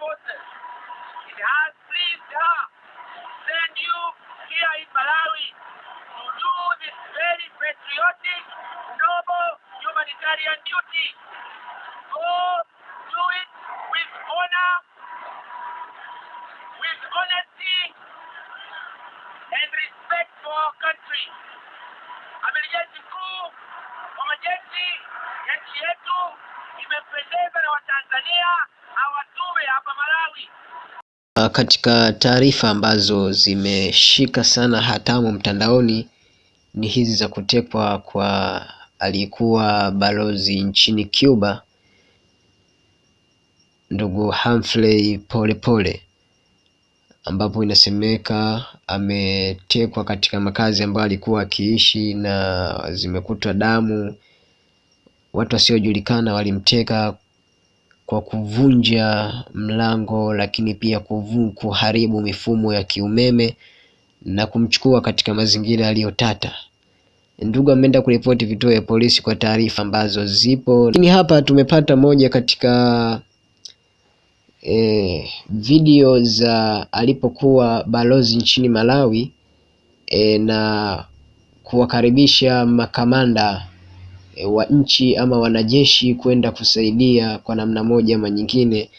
forces. It has pleased her to send you here in Malawi to do this very patriotic, noble humanitarian duty. Go do it with honor, with honesty, and respect for our country. Amelijeshi mkuu wa majeshi, nchi yetu imempendeza na Watanzania. katika taarifa ambazo zimeshika sana hatamu mtandaoni ni hizi za kutekwa kwa aliyekuwa balozi nchini Cuba ndugu Humphrey Polepole, ambapo inasemeka ametekwa katika makazi ambayo alikuwa akiishi na zimekutwa damu. Watu wasiojulikana walimteka kwa kuvunja mlango lakini pia kuharibu mifumo ya kiumeme na kumchukua katika mazingira yaliyotata. Ndugu ameenda kuripoti vituo vya polisi kwa taarifa ambazo zipo, lakini hapa tumepata moja katika eh, video za alipokuwa balozi nchini Malawi eh, na kuwakaribisha makamanda Eh, wa nchi ama wanajeshi kwenda kusaidia kwa namna moja ama nyingine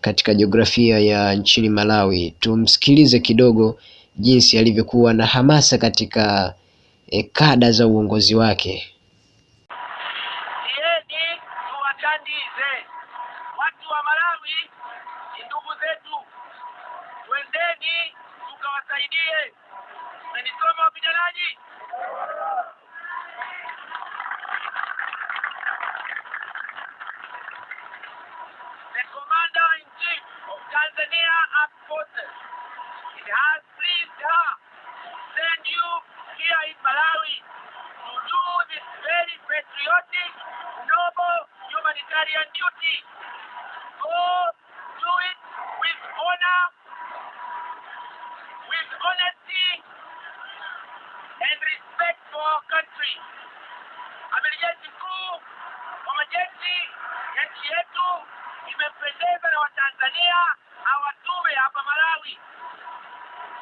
katika jiografia ya nchini Malawi. Tumsikilize kidogo jinsi alivyokuwa na hamasa katika e, kada za uongozi wake. Tieni tuwachandize watu wa Malawi, ni ndugu zetu, twendeni tukawasaidie. Pasadena at Forces. It has pleased her to send you here in Malawi to do this very patriotic, noble humanitarian duty. Go do it with honor, with honesty, and respect for our country. Amiri yetu kuu, mama jeshi, nchi yetu imependeza na Watanzania awatume hapa Malawi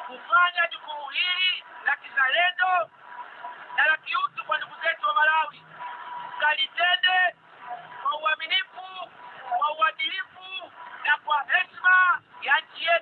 kufanya jukumu hili la kizalendo na la kiutu kwa ndugu zetu wa Malawi. Kalitende kwa uaminifu, kwa uadilifu na kwa heshima ya nchi yetu.